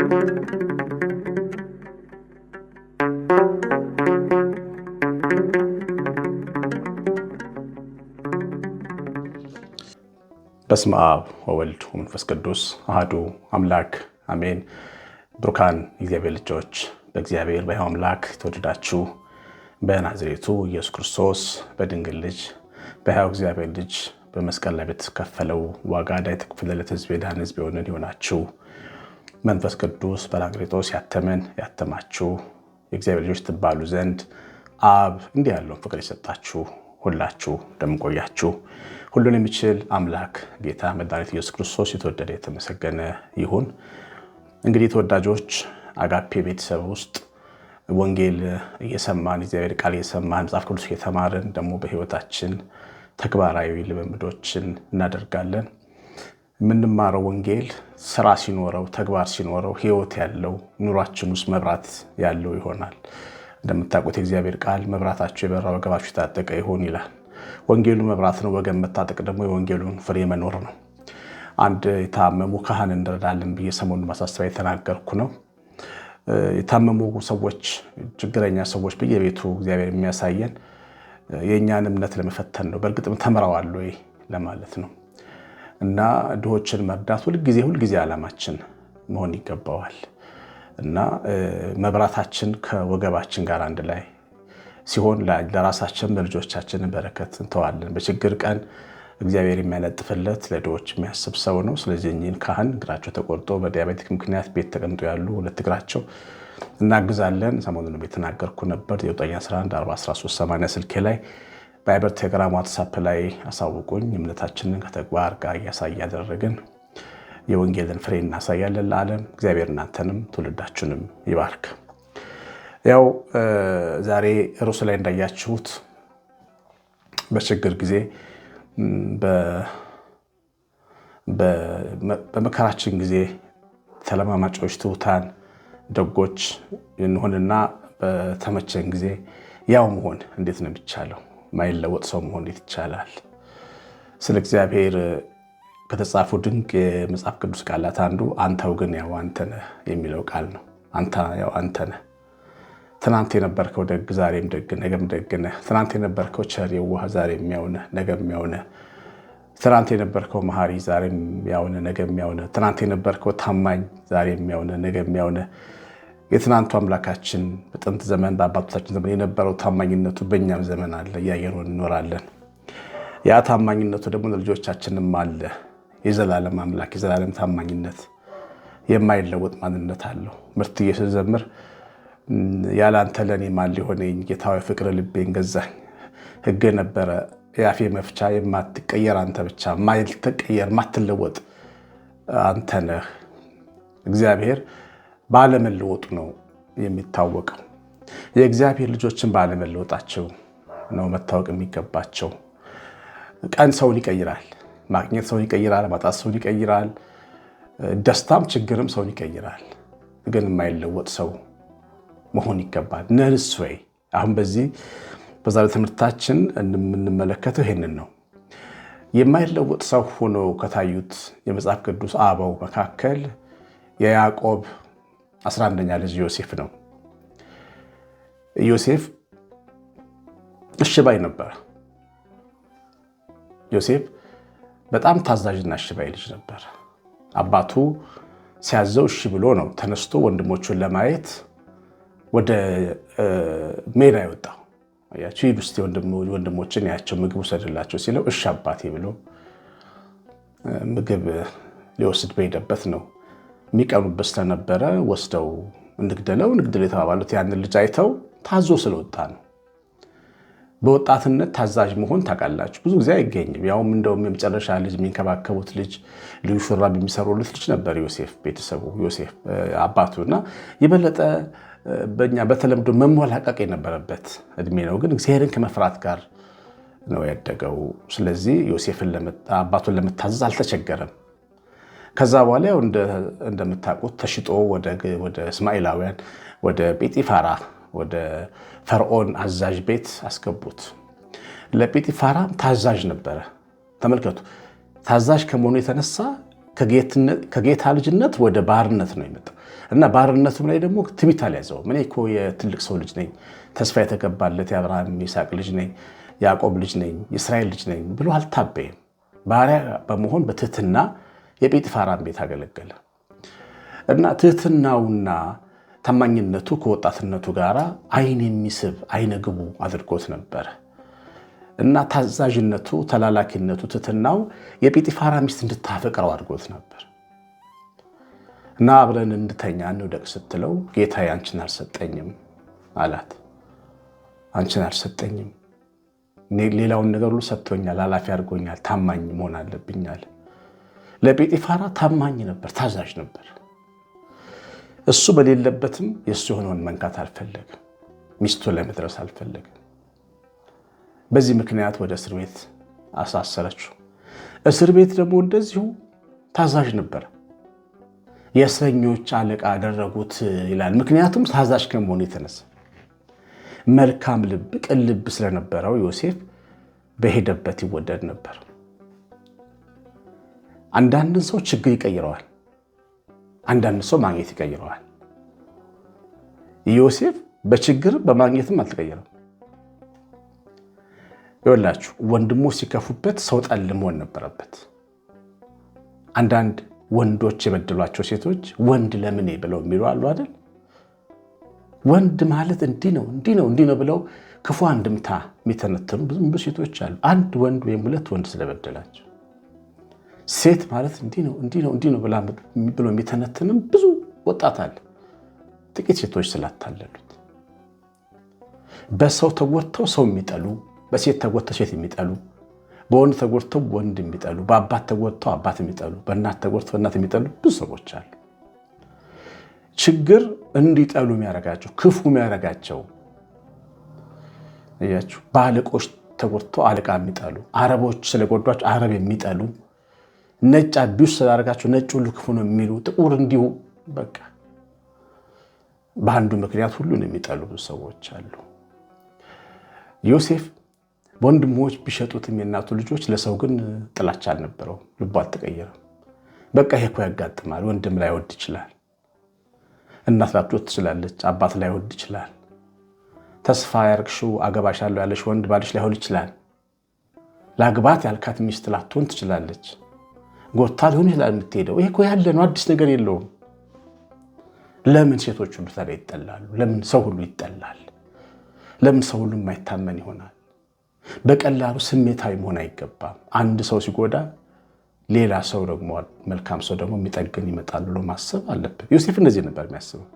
በስመ አብ ወወልድ ወመንፈስ ቅዱስ አህዱ አምላክ አሜን። ብሩካን እግዚአብሔር ልጆች በእግዚአብሔር በሕያው አምላክ የተወደዳችሁ በናዝሬቱ ኢየሱስ ክርስቶስ በድንግል ልጅ በሕያው እግዚአብሔር ልጅ በመስቀል ላይ በተከፈለው ዋጋ ዕዳ የተከፈለለት ሕዝብ የዳን ሕዝብ የሆንን ይሆናችሁ መንፈስ ቅዱስ ጰራቅሊጦስ ያተመን ያተማችሁ የእግዚአብሔር ልጆች ትባሉ ዘንድ አብ እንዲህ ያለውን ፍቅር የሰጣችሁ ሁላችሁ እንደምንቆያችሁ ሁሉን የሚችል አምላክ ጌታ መድኃኒት ኢየሱስ ክርስቶስ የተወደደ የተመሰገነ ይሁን። እንግዲህ ተወዳጆች አጋፔ ቤተሰብ ውስጥ ወንጌል እየሰማን እግዚአብሔር ቃል እየሰማን መጽሐፍ ቅዱስ እየተማርን ደግሞ በህይወታችን ተግባራዊ ልምምዶችን እናደርጋለን። የምንማረው ወንጌል ስራ ሲኖረው ተግባር ሲኖረው ህይወት ያለው ኑሯችን ውስጥ መብራት ያለው ይሆናል። እንደምታውቁት የእግዚአብሔር ቃል መብራታቸው የበራ ወገባችሁ የታጠቀ ይሆን ይላል። ወንጌሉ መብራት ነው። ወገን መታጠቅ ደግሞ የወንጌሉን ፍሬ መኖር ነው። አንድ የታመሙ ካህን እንረዳለን ብዬ ሰሞኑን ማሳሰቢያ የተናገርኩ ነው። የታመሙ ሰዎች፣ ችግረኛ ሰዎች በየቤቱ እግዚአብሔር የሚያሳየን የእኛን እምነት ለመፈተን ነው። በእርግጥም ተምረዋል ወይ ለማለት ነው። እና ድሆችን መርዳት ሁልጊዜ ሁልጊዜ ዓላማችን መሆን ይገባዋል እና መብራታችን ከወገባችን ጋር አንድ ላይ ሲሆን ለራሳችን ለልጆቻችን በረከት እንተዋለን። በችግር ቀን እግዚአብሔር የሚያለጥፍለት ለድሆች የሚያስብ ሰው ነው። ስለዚህ እኚህን ካህን እግራቸው ተቆርጦ በዲያቤቲክ ምክንያት ቤት ተቀምጦ ያሉ ሁለት እግራቸው እናግዛለን። ሰሞኑን የተናገርኩ ነበር የ9 11 43 80 ስልኬ ላይ ቫይበር፣ ቴሌግራም፣ ዋትሳፕ ላይ አሳውቁኝ። እምነታችንን ከተግባር ጋር እያሳይ ያደረግን የወንጌልን ፍሬ እናሳያለን ለዓለም። እግዚአብሔር እናንተንም ትውልዳችንም ይባርክ። ያው ዛሬ ርዕሱ ላይ እንዳያችሁት በችግር ጊዜ በመከራችን ጊዜ ተለማማጮች፣ ትሑታን፣ ደጎች እንሆንና በተመቸን ጊዜ ያው መሆን እንዴት ነው የሚቻለው? ማይለወጥ ሰው መሆን እንዴት ይቻላል? ስለ እግዚአብሔር ከተጻፉ ድንቅ የመጽሐፍ ቅዱስ ቃላት አንዱ አንተው ግን ያው አንተ ነህ የሚለው ቃል ነው። አንተ ያው አንተ ነህ። ትናንት የነበርከው ደግ፣ ዛሬም ደግ፣ ነገም ደግ ነህ። ትናንት የነበርከው ቸር የዋህ፣ ዛሬ ያው ነገ ነገም ትናንት የነበርከው መሐሪ፣ ዛሬ ያው ነገ ነገም ትናንት የነበርከው ታማኝ፣ ዛሬ ያው ነገ ነገም የትናንቱ አምላካችን በጥንት ዘመን በአባቶቻችን ዘመን የነበረው ታማኝነቱ በእኛም ዘመን አለ፣ እያየነው እንኖራለን። ያ ታማኝነቱ ደግሞ ለልጆቻችንም አለ። የዘላለም አምላክ የዘላለም ታማኝነት የማይለወጥ ማንነት አለው። ምርት ስዘምር ያላንተ ለእኔ ማን ሊሆነኝ ጌታ ሆይ ፍቅር ልቤን ገዛኝ። ሕግ ነበረ የአፌ መፍቻ የማትቀየር አንተ ብቻ ማይልተቀየር ማትለወጥ አንተ ነህ እግዚአብሔር ባለመለወጡ ነው የሚታወቀው። የእግዚአብሔር ልጆችን ባለመለወጣቸው ነው መታወቅ የሚገባቸው። ቀን ሰውን ይቀይራል። ማግኘት ሰውን ይቀይራል። ማጣት ሰውን ይቀይራል። ደስታም ችግርም ሰውን ይቀይራል። ግን የማይለወጥ ሰው መሆን ይገባል። ነርስ ወይ አሁን በዚህ በዛ ትምህርታችን የምንመለከተው ይሄንን ነው። የማይለወጥ ሰው ሆኖ ከታዩት የመጽሐፍ ቅዱስ አበው መካከል የያዕቆብ 11ኛ ልጅ ዮሴፍ ነው። ዮሴፍ እሽባይ ነበረ። ዮሴፍ በጣም ታዛዥና እሽባይ ልጅ ነበር። አባቱ ሲያዘው እሺ ብሎ ነው ተነስቶ ወንድሞቹን ለማየት ወደ ሜዳ የወጣው። ያቸው ሂድ ውስጥ ወንድሞችን ያቸው ምግብ ውሰድላቸው ሲለው እሺ አባቴ ብሎ ምግብ ሊወስድ በሄደበት ነው የሚቀኑበት ስለነበረ ወስደው እንግደለው እንግደለው የተባባሉት ያንን ልጅ አይተው ታዞ ስለወጣ ነው። በወጣትነት ታዛዥ መሆን ታውቃላችሁ፣ ብዙ ጊዜ አይገኝም። ያውም እንደውም የመጨረሻ ልጅ የሚንከባከቡት ልጅ ልዩ ሹራብ የሚሰሩለት ልጅ ነበር ዮሴፍ ቤተሰቡ ዮሴፍ አባቱ እና የበለጠ በእኛ በተለምዶ መሞላቀቅ የነበረበት እድሜ ነው። ግን እግዚአብሔርን ከመፍራት ጋር ነው ያደገው። ስለዚህ ዮሴፍን አባቱን ለመታዘዝ አልተቸገረም። ከዛ በኋላ ያው እንደምታውቁት ተሽጦ ወደ እስማኤላውያን ወደ ጲጢፋራ ወደ ፈርዖን አዛዥ ቤት አስገቡት። ለጲጢፋራም ታዛዥ ነበረ። ተመልከቱ፣ ታዛዥ ከመሆኑ የተነሳ ከጌታ ልጅነት ወደ ባርነት ነው የመጣው እና ባርነቱም ላይ ደግሞ ትቢት አልያዘውም። እኔ እኮ የትልቅ ሰው ልጅ ነኝ፣ ተስፋ የተገባለት የአብርሃም ይስሐቅ ልጅ ነኝ፣ ያዕቆብ ልጅ ነኝ፣ የእስራኤል ልጅ ነኝ ብሎ አልታበይም ባሪያ በመሆን በትህትና የጴጥፋራን ቤት አገለገለ እና ትህትናውና ታማኝነቱ ከወጣትነቱ ጋር አይን የሚስብ አይነ ግቡ አድርጎት ነበረ እና ታዛዥነቱ፣ ተላላኪነቱ፣ ትህትናው የጲጢፋራ ሚስት እንድታፈቅረው አድርጎት ነበር እና አብረን እንድተኛ እንውደቅ ስትለው ጌታ አንችን አልሰጠኝም አላት። አንችን አልሰጠኝም ሌላውን ነገር ሁሉ ሰጥቶኛል፣ ኃላፊ አድርጎኛል፣ ታማኝ መሆን አለብኛል ለጴጢፋራ ታማኝ ነበር፣ ታዛዥ ነበር። እሱ በሌለበትም የእሱ የሆነውን መንካት አልፈለግም፣ ሚስቱን ለመድረስ አልፈለግም። በዚህ ምክንያት ወደ እስር ቤት አሳሰረችው። እስር ቤት ደግሞ እንደዚሁ ታዛዥ ነበር። የእስረኞች አለቃ አደረጉት ይላል። ምክንያቱም ታዛዥ ከመሆኑ የተነሳ መልካም ልብ፣ ቅን ልብ ስለነበረው ዮሴፍ በሄደበት ይወደድ ነበር። አንዳንድን ሰው ችግር ይቀይረዋል፣ አንዳንድ ሰው ማግኘት ይቀይረዋል። ዮሴፍ በችግር በማግኘትም አልተቀየረም። ይወላችሁ ወንድሞ ሲከፉበት ሰው ጠል መሆን ነበረበት። አንዳንድ ወንዶች የበደሏቸው ሴቶች ወንድ ለምኔ ብለው የሚሉ አሉ አይደል? ወንድ ማለት እንዲህ ነው እንዲህ ነው እንዲህ ነው ብለው ክፉ አንድምታ የሚተነትኑ ብዙ ሴቶች አሉ። አንድ ወንድ ወይም ሁለት ወንድ ስለበደላቸው ሴት ማለት እንዲህ ነው እንዲህ ነው እንዲህ ነው ብሎ የሚተነትንም ብዙ ወጣት አለ። ጥቂት ሴቶች ስላታለሉት በሰው ተጎድተው ሰው የሚጠሉ፣ በሴት ተጎድተው ሴት የሚጠሉ፣ በወንድ ተጎድተው ወንድ የሚጠሉ፣ በአባት ተጎድተው አባት የሚጠሉ፣ በእናት ተጎድተው እናት የሚጠሉ ብዙ ሰዎች አሉ። ችግር እንዲጠሉ የሚያረጋቸው ክፉ የሚያረጋቸው እያችሁ በአለቆች ተጎድተው አለቃ የሚጠሉ፣ አረቦች ስለጎዷቸው አረብ የሚጠሉ ነጭ አቢውስ ስላርጋቸው ነጭ ሁሉ ክፉ ነው የሚሉ ጥቁር እንዲሁ በቃ በአንዱ ምክንያት ሁሉን የሚጠሉ ሰዎች አሉ። ዮሴፍ ወንድሞች ቢሸጡትም የእናቱ ልጆች ለሰው ግን ጥላቻ አልነበረውም። ልቡ አልተቀየረም። በቃ ይሄ እኮ ያጋጥማል። ወንድም ላይወድ ይችላል፣ እናት ላትወድ ትችላለች፣ አባት ላይወድ ይችላል፣ ተስፋ ያርግሽው አገባሻለሁ ያለሽ ወንድ ባልሽ ላይሆን ይችላል፣ ለአግባት ያልካት ሚስት ላትሆን ትችላለች። ጎታ ሊሆን ይችላል የምትሄደው። ይሄ እኮ ያለ ነው፣ አዲስ ነገር የለውም። ለምን ሴቶች ሁሉ ታዲያ ይጠላሉ? ለምን ሰው ሁሉ ይጠላል? ለምን ሰው ሁሉ የማይታመን ይሆናል? በቀላሉ ስሜታዊ መሆን አይገባም። አንድ ሰው ሲጎዳ ሌላ ሰው ደግሞ መልካም ሰው ደግሞ የሚጠግን ይመጣል ብሎ ማሰብ አለብን። ዮሴፍ እንደዚህ ነበር የሚያስበው።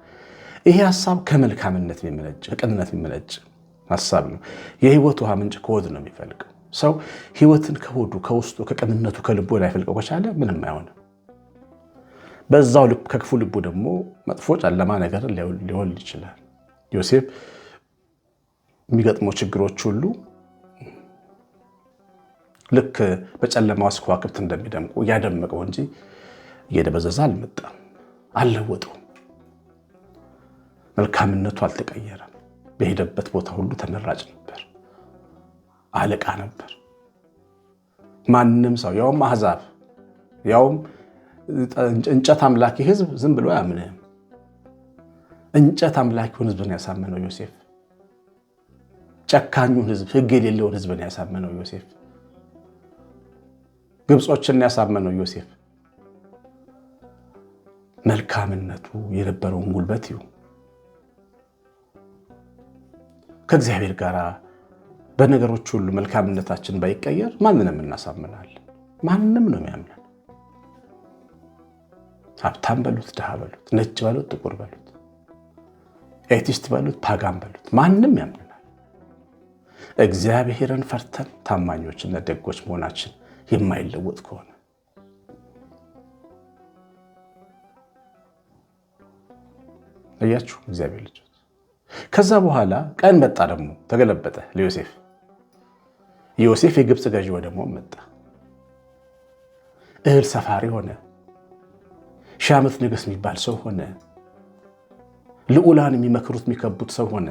ይሄ ሀሳብ ከመልካምነት የሚመነጭ ከቅንነት የሚመነጭ ሀሳብ ነው። የህይወት ውሃ ምንጭ ከወድ ነው የሚፈልገው ሰው ህይወትን ከሆዱ ከውስጡ ከቅንነቱ ከልቡ ላይ ፈልቀው ከቻለ ምንም አይሆንም። በዛው ከክፉ ልቡ ደግሞ መጥፎ ጨለማ ነገር ሊሆን ይችላል። ዮሴፍ የሚገጥመው ችግሮች ሁሉ ልክ በጨለማ ውስጥ ከዋክብት እንደሚደምቁ እያደመቀው እንጂ እየደበዘዘ አልመጣም፣ አልለወጠውም። መልካምነቱ አልተቀየረም። በሄደበት ቦታ ሁሉ ተመራጭ ነበር። አለቃ ነበር። ማንም ሰው ያውም አህዛብ ያውም እንጨት አምላኪ ህዝብ ዝም ብሎ አያምንም። እንጨት አምላኪውን ህዝብን ያሳመነው ዮሴፍ፣ ጨካኙን ህዝብ ህግ የሌለውን ህዝብን ያሳመነው ዮሴፍ፣ ግብጾችን ያሳመነው ዮሴፍ መልካምነቱ የነበረውን ጉልበት ይሁ ከእግዚአብሔር ጋር በነገሮች ሁሉ መልካምነታችን ባይቀየር ማንንም እናሳምናለን። ማንም ነው የሚያምነን። ሀብታም በሉት፣ ድሃ በሉት፣ ነጭ በሉት፣ ጥቁር በሉት፣ ኤቲስት በሉት፣ ፓጋን በሉት፣ ማንም ያምነናል። እግዚአብሔርን ፈርተን ታማኞችና ደጎች መሆናችን የማይለወጥ ከሆነ እያችሁ እግዚአብሔር ልጆች ከዛ በኋላ ቀን መጣ ደግሞ ተገለበጠ ለዮሴፍ ዮሴፍ የግብፅ ገዢ ደግሞ መጣ። እህል ሰፋሪ ሆነ። ሺህ ዓመት ንጉሥ የሚባል ሰው ሆነ። ልዑላን የሚመክሩት የሚከቡት ሰው ሆነ።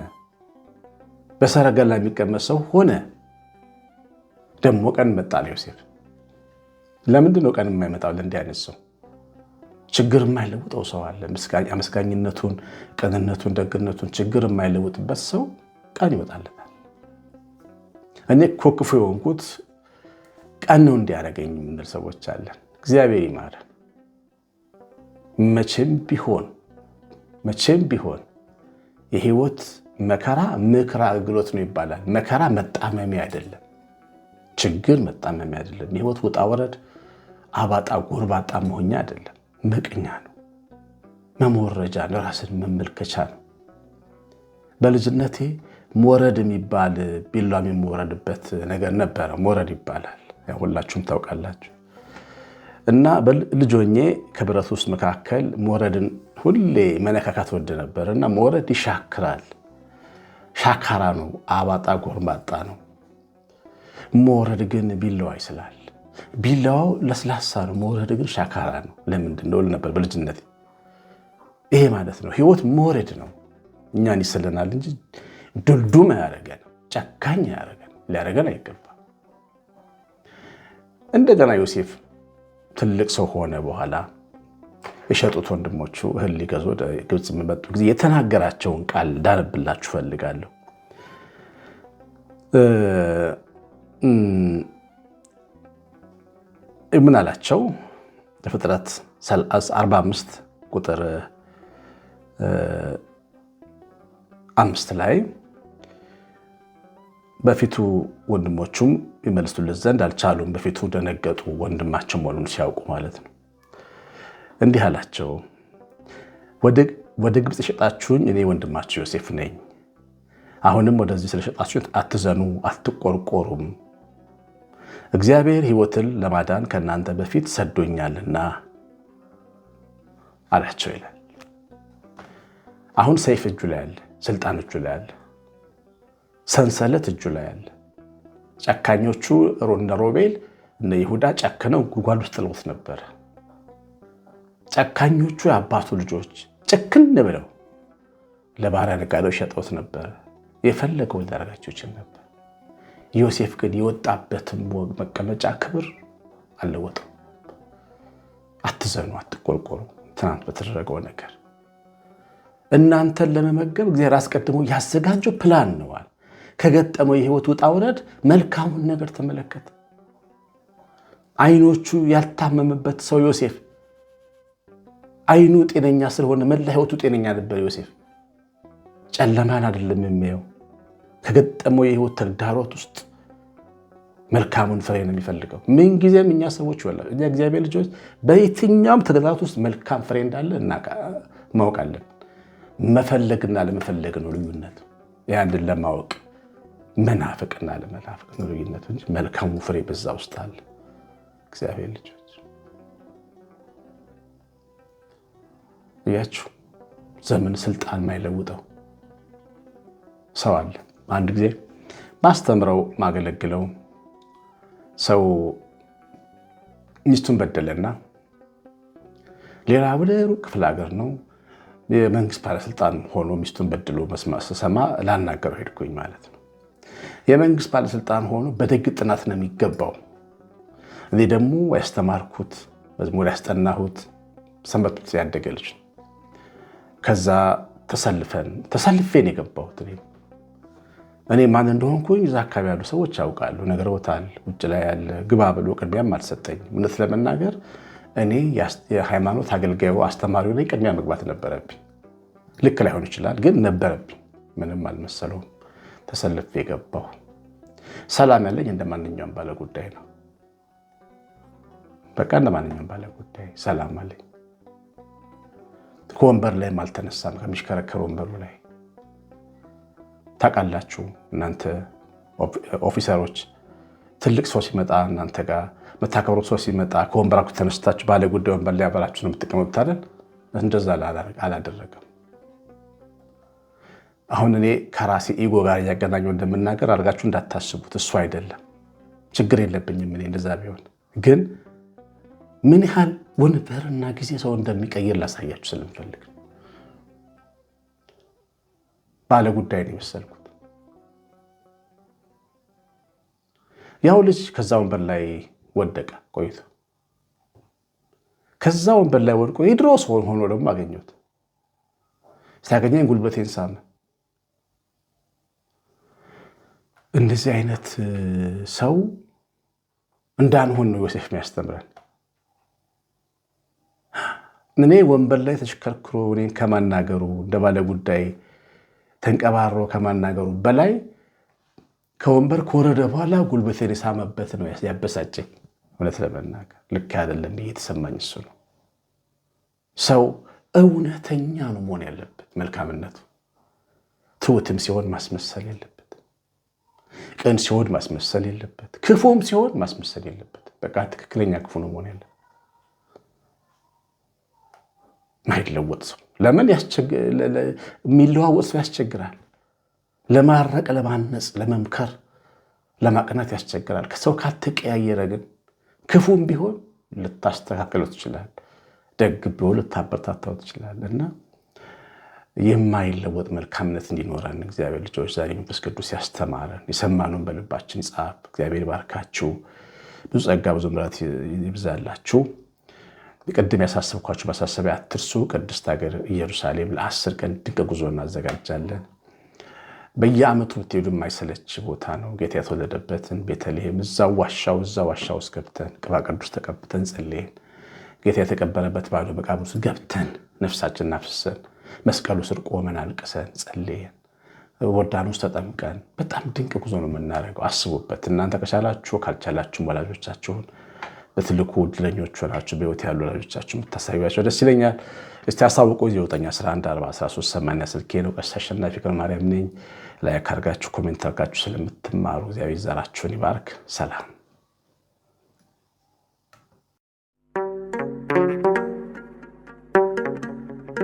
በሰረገላ የሚቀመጥ ሰው ሆነ። ደግሞ ቀን መጣ ለዮሴፍ። ለምንድን ነው ቀን የማይመጣው ለእንዲህ አይነት ሰው? ችግር የማይለውጠው ሰው አለ። አመስጋኝነቱን፣ ቅንነቱን፣ ደግነቱን ችግር የማይለውጥበት ሰው ቀን ይወጣለታል። እኔ ኮክፎ የሆንኩት ቀን ነው እንዲያደርገኝ የምንል ሰዎች አለን። እግዚአብሔር ይማረን። መቼም ቢሆን መቼም ቢሆን የህይወት መከራ ምክር አገልግሎት ነው ይባላል። መከራ መጣመሚያ አይደለም። ችግር መጣመሚያ አይደለም። የህይወት ውጣ ወረድ አባጣ ጎርባጣ መሆኛ አይደለም። መቅኛ ነው፣ መሞረጃ ነው፣ ራስን መመልከቻ ነው። በልጅነቴ ሞረድ የሚባል ቢላ የሚሞረድበት ነገር ነበረ። ሞረድ ይባላል፣ ሁላችሁም ታውቃላችሁ። እና ልጆኜ ከብረት ውስጥ መካከል ሞረድን ሁሌ መነካካት ወድ ነበር እና ሞረድ ይሻክራል። ሻካራ ነው፣ አባጣ ጎርማጣ ነው። ሞረድ ግን ቢላዋ ይስላል። ቢላዋው ለስላሳ ነው፣ ሞረድ ግን ሻካራ ነው። ለምንድን ነው ነበር በልጅነት። ይሄ ማለት ነው ህይወት ሞረድ ነው፣ እኛን ይስለናል እንጂ ዱልዱም አያረገን፣ ጨካኝ አያረገን፣ ሊያረገን አይገባም። እንደገና ዮሴፍ ትልቅ ሰው ሆነ በኋላ የሸጡት ወንድሞቹ እህል ሊገዙ ወደ ግብፅ የሚመጡ ጊዜ የተናገራቸውን ቃል ዳረብላችሁ ፈልጋለሁ። ምን አላቸው? ለፍጥረት 45 ቁጥር አምስት ላይ በፊቱ ወንድሞቹም ይመልሱለት ዘንድ አልቻሉም። በፊቱ ደነገጡ፣ ወንድማቸው መሆኑን ሲያውቁ ማለት ነው። እንዲህ አላቸው፣ ወደ ግብፅ የሸጣችሁኝ እኔ ወንድማችሁ ዮሴፍ ነኝ። አሁንም ወደዚህ ስለሸጣችሁኝ አትዘኑ፣ አትቆርቆሩም። እግዚአብሔር ሕይወትን ለማዳን ከእናንተ በፊት ሰዶኛልና አላቸው ይላል። አሁን ሰይፍ እጁ ላይ አለ፣ ስልጣን እጁ ላይ አለ። ሰንሰለት እጁ ላይ አለ። ጨካኞቹ እነ ሮቤል እነ ይሁዳ ጨክነው ጉድጓድ ውስጥ ጥለውት ነበረ። ጨካኞቹ የአባቱ ልጆች ጭክን ብለው ለባሪያ ነጋዴዎች ሸጠውት ነበረ። የፈለገው ሊያደርጋቸው ይችል ነበር። ዮሴፍ ግን የወጣበትም ወግ መቀመጫ ክብር አልለወጠው። አትዘኑ፣ አትቆርቆሩ ትናንት በተደረገው ነገር እናንተን ለመመገብ እግዚአብሔር አስቀድሞ ያዘጋጀው ፕላን ነዋል። ከገጠመው የህይወት ውጣ ውረድ መልካሙን ነገር ተመለከተ። አይኖቹ ያልታመመበት ሰው ዮሴፍ አይኑ ጤነኛ ስለሆነ መላ ህይወቱ ጤነኛ ነበር። ዮሴፍ ጨለማን አይደለም የሚያየው። ከገጠመው የህይወት ተግዳሮት ውስጥ መልካሙን ፍሬ ነው የሚፈልገው። ምንጊዜም እኛ ሰዎች ወላ እኛ እግዚአብሔር ልጆች በየትኛውም ተግዳሮት ውስጥ መልካም ፍሬ እንዳለ እናውቃለን። መፈለግና ለመፈለግ ነው ልዩነት ያንድን ለማወቅ መናፍቅና ለመናፍቅ ነው ልዩነት እንጂ መልካሙ ፍሬ በዛ ውስጥ አለ። እግዚአብሔር ልጆች እያችሁ ዘመን ስልጣን ማይለውጠው ሰው አለ። አንድ ጊዜ ማስተምረው ማገለግለው ሰው ሚስቱን በደለና ሌላ ወደ ሩቅ ክፍለ ሀገር ነው የመንግስት ባለስልጣን ሆኖ ሚስቱን በድሎ መስማት ስሰማ ላናገረው ሄድኩኝ ማለት ነው። የመንግስት ባለስልጣን ሆኖ በደግ ጥናት ነው የሚገባው። እኔ ደግሞ ያስተማርኩት መዝሙር ያስጠናሁት ሰንበት ቤት ያደገ ልጅ ከዛ ተሰልፈን ተሰልፌን የገባሁት እኔ ማን እንደሆንኩኝ እዛ አካባቢ ያሉ ሰዎች ያውቃሉ፣ ነግረውታል። ውጭ ላይ ያለ ግባ ብሎ ቅድሚያም አልሰጠኝም። እውነት ለመናገር እኔ የሃይማኖት አገልጋዩ አስተማሪው ላይ ቅድሚያ መግባት ነበረብኝ። ልክ ላይሆን ይችላል፣ ግን ነበረብኝ። ምንም አልመሰለውም። ተሰልፌ የገባው። ሰላም ያለኝ እንደ ማንኛውም ጉዳይ ነው። በቃ እንደ ማንኛውም ጉዳይ ሰላም አለኝ። ከወንበር ላይም አልተነሳም፣ ከሚሽከረከር ወንበሩ ላይ ታውቃላችሁ እናንተ ኦፊሰሮች ትልቅ ሰው ሲመጣ እናንተ ጋር መታከብሮ ሰው ሲመጣ ከወንበራችሁ ተነስታችሁ ባለ ጉዳይ ወንበር ላይ አባላችሁ ነው የምትቀመጡት አይደል? እንደዛ አላደረገም። አሁን እኔ ከራሴ ኢጎ ጋር እያገናኘ እንደምናገር አድርጋችሁ እንዳታስቡት። እሱ አይደለም ችግር የለብኝም እኔ እንደዛ ቢሆን ግን ምን ያህል ወንበርና ጊዜ ሰው እንደሚቀይር ላሳያችሁ ስለምፈልግ ባለ ጉዳይ ነው የመሰልኩት። ያው ልጅ ከዛ ወንበር ላይ ወደቀ ቆይቶ ከዛ ወንበር ላይ ወድቆ የድሮ ሰው ሆኖ ደግሞ አገኘሁት። ሲያገኘኝ ጉልበቴን ሳመ። እንደዚህ አይነት ሰው እንዳንሆን ነው ዮሴፍ የሚያስተምረን። እኔ ወንበር ላይ ተሽከርክሮ እኔን ከማናገሩ እንደ ባለ ጉዳይ ተንቀባሮ ከማናገሩ በላይ ከወንበር ከወረደ በኋላ ጉልበቴን የሳመበት ነው ያበሳጨኝ። እውነት ለመናገር ልክ አይደለም ብዬ የተሰማኝ እሱ ነው። ሰው እውነተኛ ነው መሆን ያለበት መልካምነቱ፣ ትውትም ሲሆን ማስመሰል የለም። ቅን ሲሆን ማስመሰል የለበት፣ ክፉም ሲሆን ማስመሰል የለበት። በቃ ትክክለኛ ክፉ ነው መሆን ያለበት ማይለወጥ ሰው። ለምን የሚለዋወጥ ሰው ያስቸግራል? ለማረቅ፣ ለማነጽ፣ ለመምከር፣ ለማቅናት ያስቸግራል። ከሰው ካልተቀያየረ ግን ክፉም ቢሆን ልታስተካክለው ትችላል፣ ደግ ቢሆን ልታበረታታው ትችላል እና የማይለወጥ መልካምነት እንዲኖረን እግዚአብሔር ልጆች ዛሬ መንፈስ ቅዱስ ያስተማረን፣ የሰማነውን በልባችን ጻፍ። እግዚአብሔር ባርካችሁ፣ ብዙ ጸጋ ብዙ ምሕረት ይብዛላችሁ። ቅድም ያሳሰብኳችሁ ማሳሰቢያ አትርሱ። ቅድስት ሀገር ኢየሩሳሌም ለአስር ቀን ድንቅ ጉዞ እናዘጋጃለን። በየዓመቱ ብትሄዱ የማይሰለች ቦታ ነው። ጌታ የተወለደበትን ቤተልሔም፣ እዛ ዋሻው እዛ ዋሻ ውስጥ ገብተን ቅባ ቅዱስ ተቀብተን ጸልየን ጌታ የተቀበረበት ባዶ መቃብር ውስጥ ገብተን ነፍሳችን እናፍስሰን መስቀሉ ስር ቆመን አልቅሰን ጸልየን ወርዳኖስ ተጠምቀን በጣም ድንቅ ጉዞ ነው የምናደርገው። አስቡበት እናንተ ከቻላችሁ ካልቻላችሁም ወላጆቻችሁን በትልቁ ዕድለኞች ሆናችሁ በህይወት ያሉ ወላጆቻችሁ የምታሳዩቸው ደስ ይለኛል። እስቲ አሳውቁ። 91143 ስልኬ ነው። ቀሲስ አሸናፊ ገብረ ማርያም ነኝ። ላይክ አድርጋችሁ ኮሜንት አድርጋችሁ ስለምትማሩ እግዚአብሔር ዘራችሁን ይባርክ። ሰላም